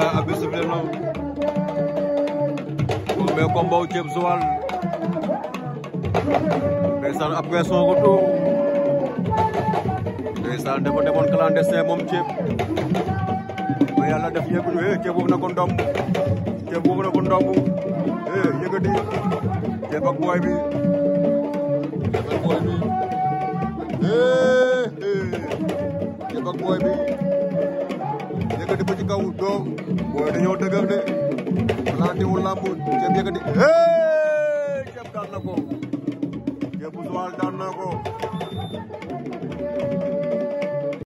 ndeysaan abi sifle na Mbe Kombo Ceeb Joal ndeysaan ab koy soogu tuur ndeysaan dafa demoon clandestin moom ceeb ba yàlla def yëgul eh ceeb boobu na ko ndomb ceeb boobu na ko ndomb eh yëgati ceeb ak booy bi ceeb ak booy bi eh eh ceeb ak booy bi yëkkati ba ci kaw doo booy dañoo dëgër de planté wu làmb ceeb yëkkati ceeb daan na ko ceeb bu suwaal daan na ko